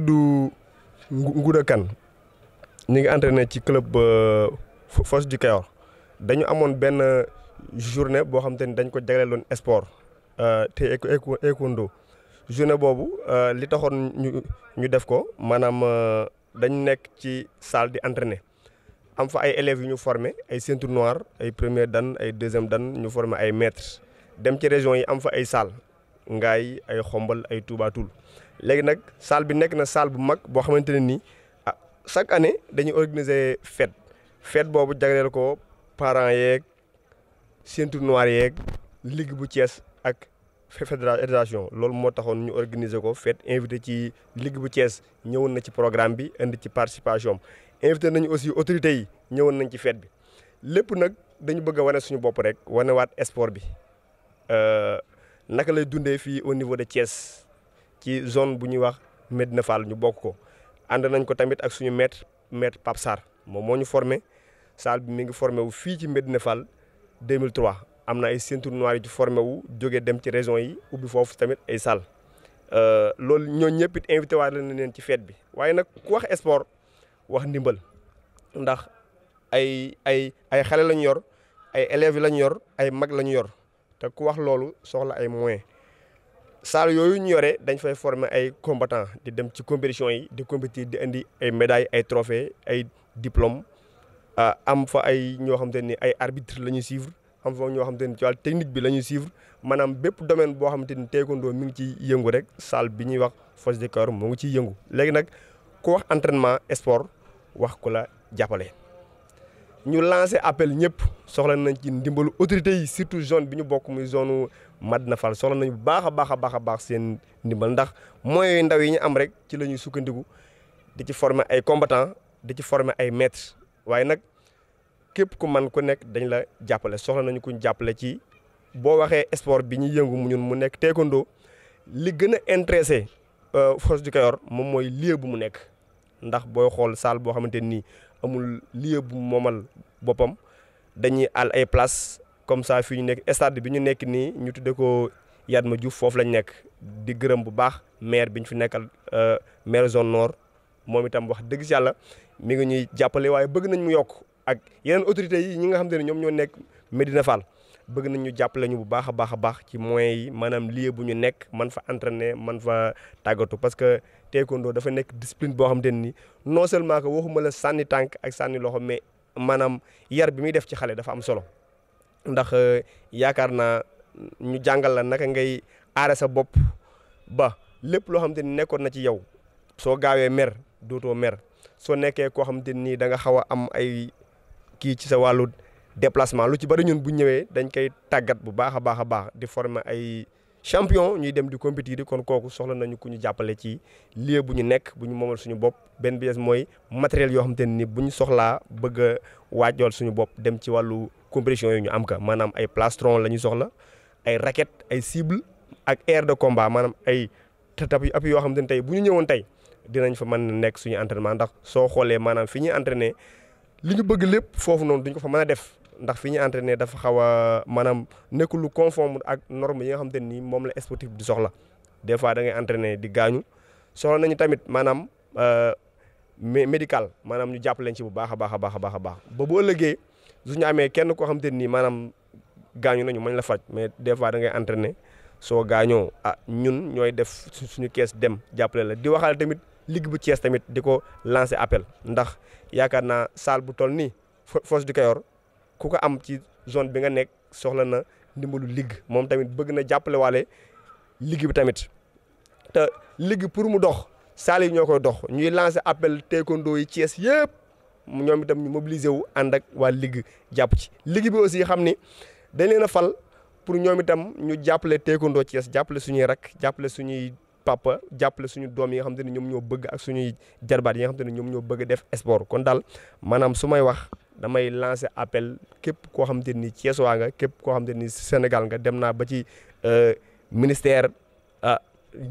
du Ngouda kan ñu ngi entraîné ci club euh, Fosse du Kayor dañu amoon benn journée boo xam ni dañ ko jagleeloon sport euh, te Taekwondo journée boobu euh, li taxoon ñu ñu def ko maanaam dañ nekk ci salle di entraîné am fa ay élèves yu ñu formé ay ceinture noire ay premier dan ay deuxième dan ñu formé ay maîtres dem ci régions yi am fa ay salle ngaay ay xombal ay Touba Toul léegi nag salle bi nekk na salle bu mag boo xamante ne nii ah chaque année dañuy organiser fête fête boobu jagleel ko parents yeeg ceinture noire yeeg ligg bu cees ak fédération loolu moo taxoon ñu organiser ko fête invité ci ligg bu cees ñëwoon na ci programme bi indi ci participation invité nañu aussi autorités yi ñëwoon nañ ci fête bi lépp nag dañu bëgg a wane suñu bopp rek wanewaat sport bi. Euh, naka lay dundee fii au niveau de Thiès ci zone bu ñuy wax Medina Fall ñu bokk ko ànd nañ ko tamit ak suñu maître maître Pape moom moo ñu formé salle bi mi ngi formé wu fii ci Medina Fall 2003 am na ay ceinture noire yu ci formé wu jógee dem ci régions yi ubbi foofu tamit ay salle euh, loolu ñoo ñëpp it invité waat nañ leen ci fête bi waaye nag ku wax sport wax ndimbal ndax ay ay ay xale lañu yor ay élèves lañu yor ay mag lañu yor. te ku wax loolu soxla ay moyen salle yooyu ñu yore dañ fay former ay combattants di dem ci compétition yi di compétir di indi ay médailles ay trophées ay diplômes ah, am fa ay ñoo xamante ni ay arbitres la ñuy suivre am fa ñoo xamante ni ci wàllu technique bi la ñuy suivre maanaam bépp domaine boo xamante ni taekwondo mi ngi ci yëngu rek salle bi ñuy wax force de corps moo ngi ciy yëngu léegi nag ku wax entraînement sport wax ku la jàppale. ñu lancé appel ñëpp soxla nañ ci ndimbalu autorité yi surtout zone bi ñu bokk muy zone Madina Fall soxla nañu baax a baax a baax a baax seen ndimbal ndax mooy ndaw yi ñu am rek ci la ñuy sukkandiku di ci former ay combattants di ci former ay maîtres waaye nag képp ku man ku nekk dañ la jàppale soxla nañu kuñ jàppale ci boo waxee sport bi ñu yëngu ñun mu nekk te taekwondo li gën a intéressé euh, force du Kayor moom mooy lieu bu mu nekk ndax booy xool salle boo xamante nii amul lieu bu moomal boppam dañuy àll ay place comme ça fii ñu nekk stade bi ñu nekk nii ñu tudde ko ma Diouf foofu lañ nekk di gërëm bu baax maire bi ñu fi nekkal euh, maire zone nord moom itam wax dëgg si yàlla mi ngi ñuy jàppale waaye bëgg nañ mu yokk ak yeneen autorités yi ñi nga xam te ne ñoom ñoo nekk Medina Fall bëgg nañ ñu jàppale ñu bu baax a baax a baax ci moyens yi maanaam lieu bu ñu nekk man fa entraîner man fa tàggatu parce que taekwondo dafa nekk discipline boo xamante ne nii non seulement que waxuma la sànni tànk ak sànni loxo mais maanaam yar bi muy def ci xale dafa am solo ndax euh, yaakaar naa ñu jàngal la ngay aare sa bopp ba lépp loo xamante ni nekkoon na ci yow soo gaawee mer dootoo mer soo nekkee koo xamante nii da nga xaw a am ay kii ci sa wàllu déplacement lu ci bari ñun bu ñëwee dañ koy tàggat bu baax a baax a baax di former ay champion ñuy dem di compétir kon kooku soxla nañu ku ñu jàppale ci lieu bu ñu nekk bu ñu moomal suñu bopp benn bi mooy matériel yoo xam ne ni bu ñu soxlaa bëgg waajool suñu bopp dem ci wàllu compétition yooyu ñu am ka maanaam ay plastron la ñu soxla ay raquette ay cible ak air de combat maanaam ay tatap yu yoo xam te ne tey bu ñu ñëwoon tey dinañ fa mën nekk suñu entraînement ndax soo xoolee maanaam fi ñuy entraîner li ñu bëgg lépp foofu noonu duñ ko fa mën a def ndax fi ñu entraîné dafa xaw a maanaam nekkul lu conforme ak norme yi nga xamante ni moom la sportif di soxla des fois da ngay di gaañu soxla nañu tamit maanaam euh, médical maanaam ñu jàpp leen ci bu baax a baax a baax a baax a baax ba bu ëllëgee su ñu amee kenn koo xamante ni maanaam gaañu nañu mañ la faj mais des fois da ngay entraîné soo gaañoo ah ñun ñooy def suñu kees dem jàppale la di waxal tamit ligue bu Thiès tamit di ko lancer appel ndax yaakaar naa salle bu toll nii Fosse du Kayor ku ko am ci zone bi nga nekk soxla na ndimbalu ligg moom tamit bëgg na jàppale waale ligue bi tamit te ligue pour mu dox saal yi ñoo koy dox ñuy lancer appel taekwondo yi Thiès yëpp ñoom itam ñu mobiliser wu ànd ak waa ligg jàpp ci ligue bi aussi xam ni dañ leen a fal pour ñoom itam ñu jàppale taekwondo Thiès jàppale suñuy rek jàppale suñuy papa jàppale suñu doom yi nga xam te ne ñoom ñoo bëgg ak suñuy jarbaat yi nga xam te ñoom ñoo bëgg def sport kon daal maanaam su may wax damay lancer appel képp koo xamante ni Thiès waa nga képp koo xamante ni Sénégal nga dem naa ba ci euh, ministère ah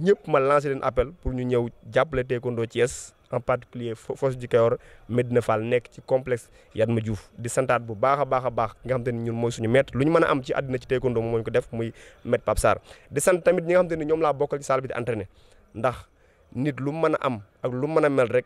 ñëpp ma lancer leen appel pour ñu ñëw jàppale taekwondo Thiès en particulier Foss du Kayor Medina faal nekk ci complexe ma Diouf di santaat bu baax a baax a baax nga xamte te ni ñun mooy suñu maître lu ñu mën a am ci àddina ci taekwondo moom moo ñu ko def muy maître Pape di sant tamit ñi nga xam te ni ñoom laa bokkal ci salle bi ndax nit lu mën a am ak lu mën a mel rek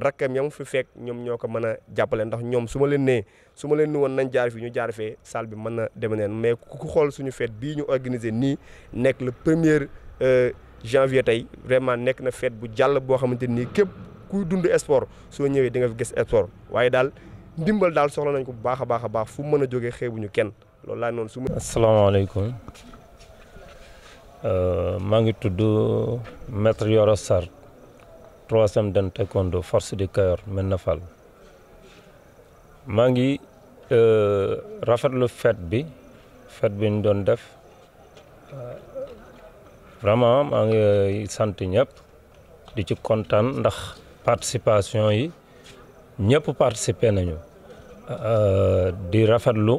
rakkam mu fi fekk ñoom ñoo ko mën a jàppale ndax ñoom su ma leen nee su leen ni woon nañ jaar fi ñu jaar fee bi mën na deme neen mais ku xool suñu feet bii ñu organiser nii nekk le premier euh, janvier tey vraiment nekk na fête bu jàll boo xamante nii képp ku dund sport soo ñëwee di nga fi gis sport waaye daal ndimbal daal soxla nañ ko bu baax a baax a baax fu mën a jógee xeebuñu kenn loolu laa noonu su ma. asalaamaaleykum euh, maa ngi tudd maître Yoro troisième dan taekwondo force du Kayor Médina Fall maa ngi euh, rafetlu fête bi fête bi ñu doon def vraiment maa ngi euh, sant ñëpp di ci kontaan ndax participation yi ñëpp participer nañu euh, di rafetlu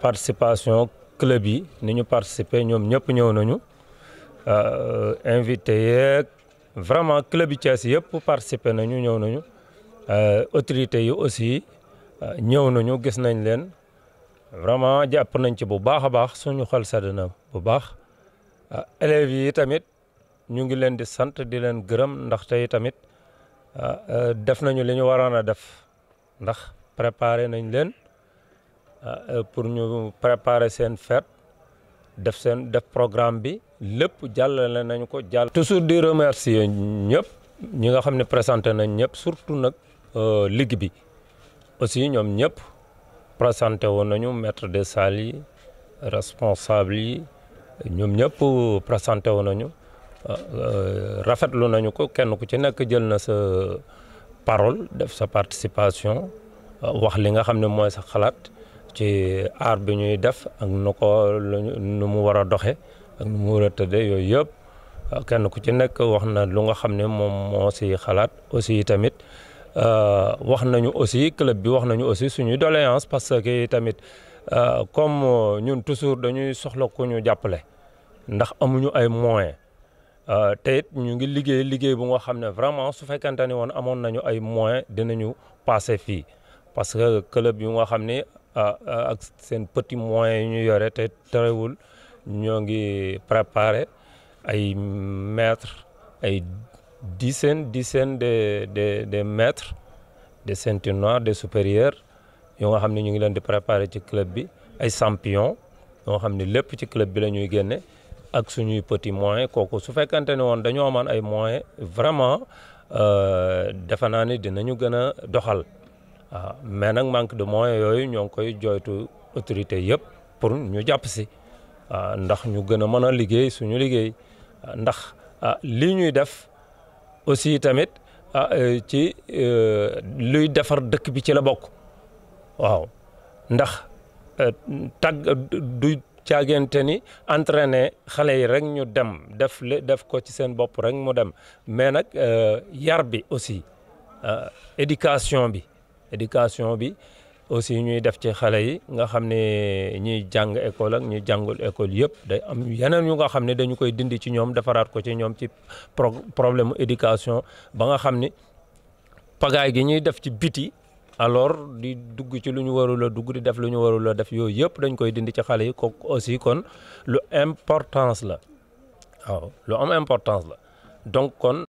participation club yi ni ñu participer ñoom ñëpp ñëw nañu invité yeeg vraiment club yi Thiès yëpp participé nañu ñëw nañu euh, autorités yi aussi euh, ñëw nañu gis nañ leen vraiment jàpp nañ ci bu baax a baax suñu xol sedd na bu baax euh, élèves yi tamit ñu ngi leen di sant di leen gërëm ndax tey tamit def nañu li ñu waroon a def ndax préparé nañ leen pour ñu préparer seen fête def seen def programme bi lépp jàllale nañu ko jàll. toujours di remercier ñëpp ñi nga xam ne présenté nañ ñëpp surtout nag euh, ligue bi aussi ñoom ñëpp présenté woon nañu maître des salles yi yi ñoom ñëpp présenté woon nañu euh, euh, rafetlu nañu ko kenn ku ci nekk jël na sa parole def sa participation wax li nga xam ne mooy sa xalaat. ci aar bi ñuy def ak nu ko nu mu war a doxe ak nu mu tëdde yooyu yëpp kenn ku ci nekk wax na lu nga xam ne moom moo si xalaat aussi tamit euh, wax nañu aussi club bi wax nañu aussi suñuy doléance parce que tamit euh, comme ñun toujours dañuy soxla ku ñu jàppale ndax amuñu ay moyens euh, te it ñu ngi liggéey liggéey bu nga xam ne vraiment su fekkante ni woon amoon nañu ay moyen dinañu passer fii parce que club yu nga xam ne ak seen petit moyen yu ñuy yore te terewul ñoo ngi préparé ay mètres ay dizaine dizaine de de de mètres de ceintures noires de supérieurs yoo nga xam ne ñu ngi leen di préparé ci club bi ay champion yoo nga xam ne lépp ci club bi la ñuy génne ak suñuy petit moyen kooku su fekkante ne woon dañoo amoon ay moyen vraiment euh, defe naa ni dinañu gën a doxal waaw ah, mais nag manque de moyens yooyu ñoo ngi koy jooytu autorités yëpp pour ñu jàpp si ah, ndax ñu gën a mën a liggéey suñu liggéey ah, ndax lii ñuy def aussi tamit a euh, ci euh, luy defar dëkk bi ci la bokk waaw ndax euh, tàgg du caagante ni entraîné xale yi rek ñu dem def def ko ci seen bopp rek mu dem mais nag yar bi aussi éducation bi éducation bi aussi ñuy def ci xale yi nga xam ne ñuy jàng école ak ñi jàngul école yëpp day am yeneen yu nga xam ne dañu koy dindi ci ñoom defaraat ko ci ñoom ci problème éducation ba nga xam ne pagaay gi ñuy def ci biti alors di dugg ci lu ñu warul dugg di def lu ñu warul def yooyu yëpp dañ koy dindi ci xale yi ko aussi kon lu importance la waaw lu am importance la donc kon